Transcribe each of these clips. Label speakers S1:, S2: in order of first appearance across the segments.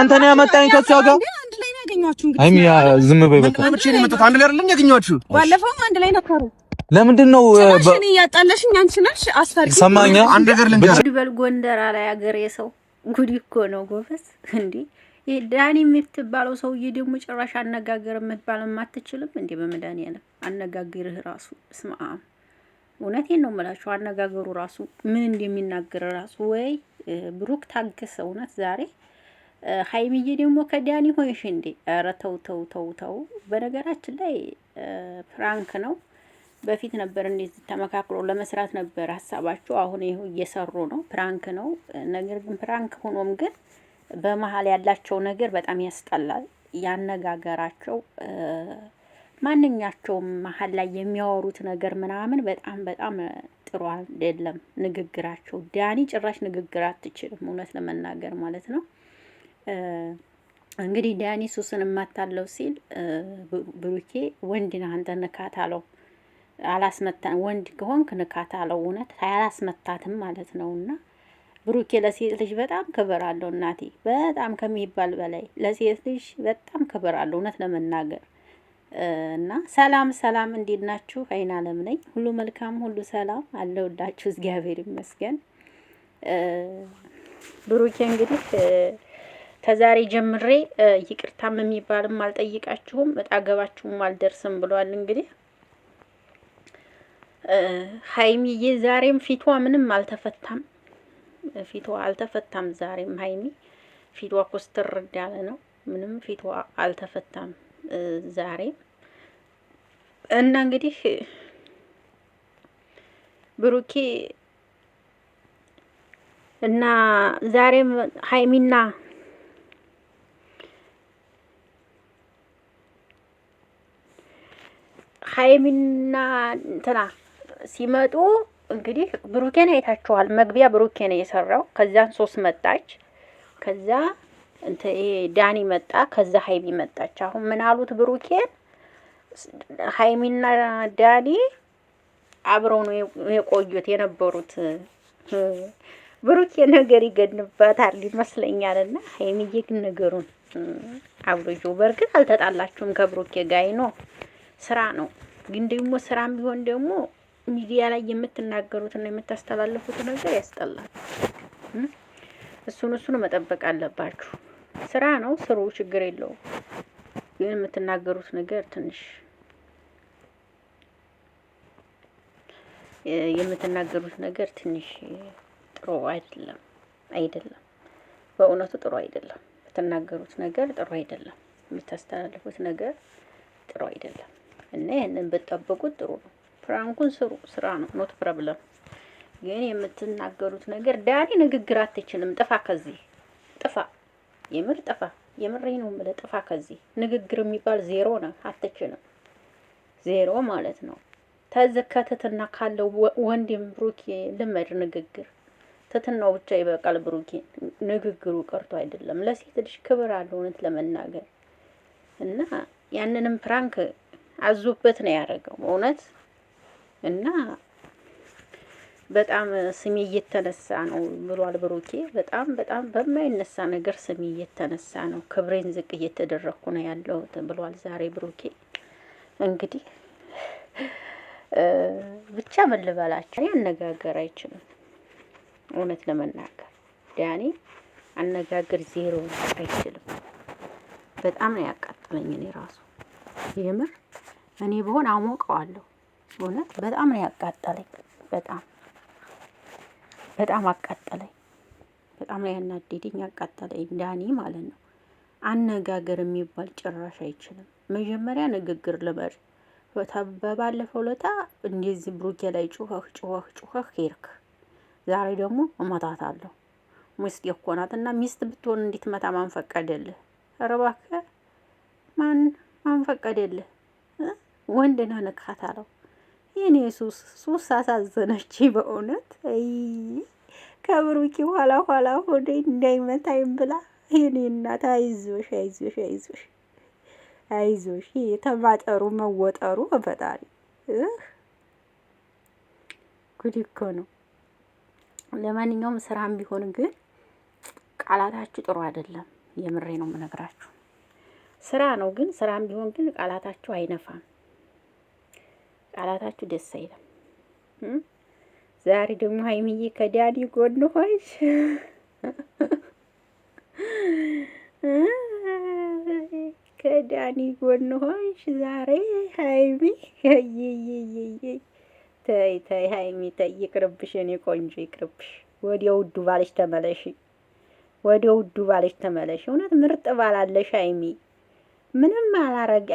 S1: አንተ ነው ያመጣኝ ከሷ ጋር አይሚ ዝም በይ በቃ
S2: ምን አንድ ላይ አይደለም ያገኘኋችሁ ባለፈውም አንድ ላይ ነበሩ ለምንድን ነው እያጣለሽኝ አንቺ ነሽ አስታርቂ ሰማኛ አንድ ነገር ልንገር በል ጎንደራ ላይ አገር የሰው ጉድ እኮ ነው ጎበዝ እንዴ ዳኒ የምትባለው ሰውዬ ደግሞ ጭራሽ አነጋገር የምትባለው አትችልም እንዴ በመድኃኒዓለም አነጋገርህ ራሱ ስማ እውነቴን ነው የምላችሁ አነጋገሩ ራሱ ምን እንደሚናገር ራሱ ወይ ብሩክ ታገሰ እውነት ዛሬ ሀይሚዬ ደግሞ ከዳኒ ሆንሽ እንዴ? ኧረ ተው ተው ተው ተው። በነገራችን ላይ ፍራንክ ነው። በፊት ነበር እንዴት ተመካክሎ ለመስራት ነበር ሀሳባቸው። አሁን ይሁ እየሰሩ ነው። ፕራንክ ነው። ነገር ግን ፕራንክ ሆኖም ግን በመሀል ያላቸው ነገር በጣም ያስጠላል። ያነጋገራቸው ማንኛቸውም መሀል ላይ የሚያወሩት ነገር ምናምን በጣም በጣም ጥሩ አይደለም ንግግራቸው። ዳኒ ጭራሽ ንግግር አትችልም፣ እውነት ለመናገር ማለት ነው። እንግዲህ ዳኒ ሱስን እማታለው ሲል ብሩኬ ወንድ ነህ አንተ ንካት አለው። አላስመታ ወንድ ከሆንክ ንካት አለው። እውነት አላስመታትም ማለት ነው። እና ብሩኬ ለሴት ልጅ በጣም ክብር አለው እናቴ፣ በጣም ከሚባል በላይ ለሴት ልጅ በጣም ክብር አለው እውነት ለመናገር እና ሰላም ሰላም፣ እንዴት ናችሁ? አይን አለም ነኝ። ሁሉ መልካም፣ ሁሉ ሰላም አለውላችሁ። እግዚአብሔር ይመስገን። ብሩኬ እንግዲህ ከዛሬ ጀምሬ ይቅርታም የሚባልም አልጠይቃችሁም እጣ አልደርስም ብሏል። እንግዲህ ሀይሚዬ ዛሬም ፊቷ ምንም አልተፈታም፣ ፊቷ አልተፈታም። ዛሬም ሀይሚ ፊቷ ኮስተር እንዳለ ነው። ምንም ፊቷ አልተፈታም ዛሬ እና እንግዲህ ብሩኬ እና ዛሬም ሀይሚና ሀይሚና እንትና ሲመጡ እንግዲህ ብሩኬን አይታችኋል። መግቢያ ብሩኬን የሰራው ከዛን ሶስት መጣች። ከዛ ዳኒ መጣ። ከዛ ሀይሚ መጣች። አሁን ምን አሉት ብሩኬን ሀይሚና ዳኒ አብረው ነው የቆዩት የነበሩት። ብሩኬ ነገር ይገድንበታል ይመስለኛል። እና ሀይሚዬ ግን ነገሩን አብሎጆ በእርግጥ አልተጣላችሁም ከብሩኬ ጋይ ነው ስራ ነው ግን ደግሞ ስራም ቢሆን ደግሞ ሚዲያ ላይ የምትናገሩትና የምታስተላልፉት ነገር ያስጠላል። እሱን እሱን መጠበቅ አለባችሁ። ስራ ነው ስሩ፣ ችግር የለውም። ግን የምትናገሩት ነገር ትንሽ የምትናገሩት ነገር ትንሽ ጥሩ አይደለም አይደለም፣ በእውነቱ ጥሩ አይደለም። የምትናገሩት ነገር ጥሩ አይደለም። የምታስተላልፉት ነገር ጥሩ አይደለም። እና ይህንን ብትጠብቁት ጥሩ ነው። ፕራንኩን ስሩ፣ ስራ ነው። ኖት ፕሮብለም። ግን የምትናገሩት ነገር ዳኒ ንግግር አትችልም። ጥፋ ከዚህ ጥፋ፣ የምር ጥፋ። የምሬ ነው የምልህ ጥፋ ከዚህ ንግግር የሚባል ዜሮ ነው። አትችልም፣ ዜሮ ማለት ነው። ተዝከትትና ካለው ወንድም ብሩኬ ልመድ ንግግር ትትናው ብቻ ይበቃል። ብሩኬ ንግግሩ ቀርቶ አይደለም ለሴት ልጅ ክብር አለ እውነት ለመናገር እና ያንንም ፕራንክ አዞበት ነው ያደረገው እውነት እና በጣም ስሜ እየተነሳ ነው ብሏል ብሩኬ። በጣም በጣም በማይነሳ ነገር ስሜ እየተነሳ ነው፣ ክብሬን ዝቅ እየተደረግኩ ነው ያለሁት ብሏል ዛሬ ብሩኬ። እንግዲህ ብቻ ምን ልበላችሁ፣ አነጋገር አይችልም እውነት ለመናገር ዳኒ አነጋገር ዜሮ አይችልም። በጣም ነው ያቃጠለኝ እኔ ራሱ የምር እኔ ብሆን አሞቀዋለሁ። እውነት በጣም ነው ያቃጠለኝ። በጣም በጣም አቃጠለኝ። በጣም ነው ያናደደኝ፣ ያቃጠለኝ ዳኒ ማለት ነው። አነጋገር የሚባል ጭራሽ አይችልም። መጀመሪያ ንግግር ልመድ በባለፈው ለታ እንደዚህ ብሩኬ ላይ ጩኸህ ጩኸህ ጩኸህ ሄድክ። ዛሬ ደግሞ እመታታለሁ። ሚስት እኮ ናት እና ሚስት ብትሆን እንዴት መታ ማንፈቀደልህ? ኧረ እባክህ ማን ማንፈቀደልህ? ወንድ ነው ንካት አለው። የኔ ሱስ ሱስ አሳዘነች በእውነት ከብሩኪ ኋላ ኋላ ሆደ እንዳይመታይም ብላ የኔ እናት አይዞሽ፣ አይዞሽ፣ አይዞሽ፣ አይዞሽ። የተማጠሩ መወጠሩ በፈጣሪ ጉድ እኮ ነው። ለማንኛውም ስራም ቢሆን ግን ቃላታችሁ ጥሩ አይደለም። የምሬ ነው የምነግራችሁ። ስራ ነው ግን ስራም ቢሆን ግን ቃላታችሁ አይነፋም። ቃላታችሁ ደስ አይልም። ዛሬ ደግሞ ሀይሚዬ ከዳኒ ጎን ሆንሽ። ከዳኒ ጎን ሆንሽ ዛሬ ሀይሚ። ተይ ተይ ሀይሚ ተይ፣ ይቅርብሽ፣ እኔ ቆንጆ ይቅርብሽ። ወደ ውዱ ባለሽ ተመለሽ፣ ወደ ውዱ ባለሽ ተመለሽ። እውነት ምርጥ ባላለሽ ሀይሚ ምንም አላረጋ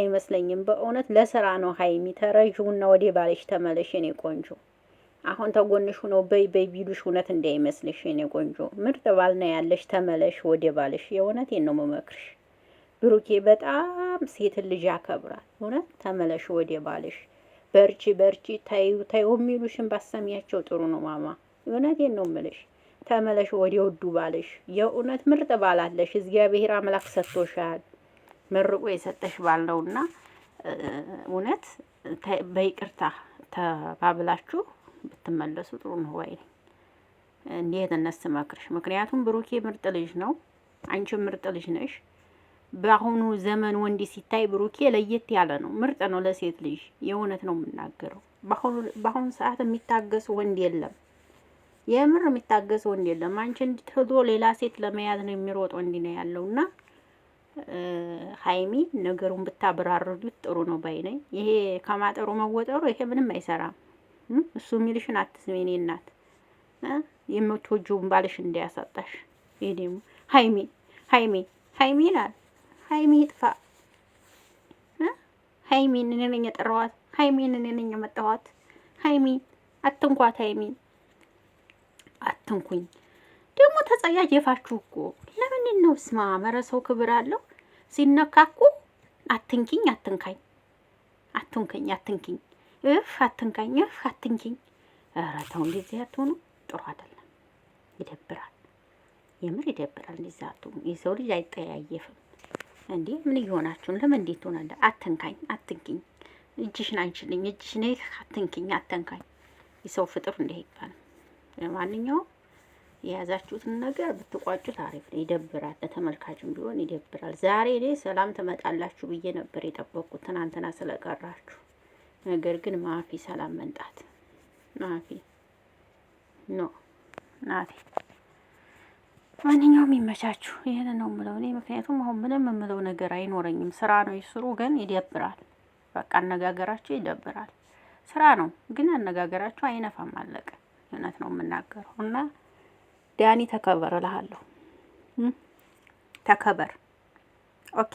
S2: አይመስለኝም። በእውነት ለስራ ነው ሀይሚ ተረዥውና ወደ ባልሽ ተመለሽ የኔ ቆንጆ። አሁን ተጎንሽ ነው በይ በይ ቢሉሽ እውነት እንዳይመስልሽ የኔ ቆንጆ። ምርጥ ባልና ያለሽ ተመለሽ ወደ ባልሽ። የእውነቴን ነው መመክርሽ። ብሩኬ በጣም ሴት ልጅ ያከብራል። እውነት ተመለሽ ወደ ባልሽ። በርቺ በርቺ ታዩ ታዩ የሚሉሽን ባሰሚያቸው ጥሩ ነው ማማ። እውነቴን ነው ምልሽ ተመለሽ ወደ ወዱ ባልሽ። የእውነት ምርጥ ባላለሽ እግዚአብሔር አምላክ ሰጥቶሻል። መርቆ የሰጠሽ ባል እና እውነት በይቅርታ ተባብላችሁ ብትመለሱ ጥሩ ነው። ወይ እንዴት መክርሽ። ምክንያቱም ብሩኬ ምርጥ ልጅ ነው፣ አንቺ ምርጥ ልጅ ነሽ። በአሁኑ ዘመን ወንድ ሲታይ ብሩኬ ለየት ያለ ነው፣ ምርጥ ነው ለሴት ልጅ። የእውነት ነው የምናገረው። በአሁኑ ሰዓት የሚታገስ ወንድ የለም፣ የምር የሚታገስ ወንድ የለም። አንቺ እንድትዶ ሌላ ሴት ለመያዝ ነው የሚሮጥ ወንድ ነው ያለውና ሀይሚ ነገሩን ብታብራርዱት ጥሩ ነው ባይነኝ። ይሄ ከማጠሩ መወጠሩ ይሄ ምንም አይሰራም። እሱ የሚልሽን አትስሚ። እኔ እናት የምትወጂውን ባልሽ እንዳያሳጣሽ። ይሄ ደግሞ ሀይሚ ሀይሚ ሀይሚ ይላል። ሀይሚ ይጥፋ። ሀይሚን እኔ ነኝ የጠራኋት። ሀይሚን እኔ ነኝ የመጣኋት። ሀይሚ አትንኳት። ሀይሚ አትንኩኝ። ደግሞ ተጸያየፋችሁ እኮ ለምን ነው? ስማ መረሰው ክብር አለው ሲነካኩ አትንኪኝ፣ አትንካኝ፣ አትንከኝ፣ አትንኪኝ፣ እፍ አትንካኝ፣ እፍ አትንኪኝ። ኧረ ተው እንደዚህ አትሆኑ፣ ጥሩ አይደለም፣ ይደብራል። የምር ይደብራል። እንደዚህ አትሆኑ። የሰው ልጅ አይጠያየፍም እንዴ! ምን እየሆናችሁን? ለምን እንዴት ሆናለ? አትንካኝ፣ አትንኪኝ፣ እጅሽን አንችልኝ፣ እጅሽን አትንኪኝ፣ አትንካኝ። የሰው ፍጡር እንዲህ ይባል ለማንኛውም የያዛችሁትን ነገር ብትቋጩት አሪፍ ነው። ይደብራል፣ ለተመልካችም ቢሆን ይደብራል። ዛሬ እኔ ሰላም ትመጣላችሁ ብዬ ነበር የጠበቁት ትናንትና ስለቀራችሁ። ነገር ግን ማፊ ሰላም መንጣት ማፊ ኖ ናቴ። ማንኛውም ይመቻችሁ፣ ይህን ነው የምለው እኔ። ምክንያቱም አሁን ምንም የምለው ነገር አይኖረኝም። ስራ ነው ይስሩ፣ ግን ይደብራል። በቃ አነጋገራቸው ይደብራል። ስራ ነው ግን አነጋገራቸው አይነፋም። አለቀ። እውነት ነው የምናገረው እና ዳኒ ተከበር እልሃለሁ። ተከበር ኦኬ።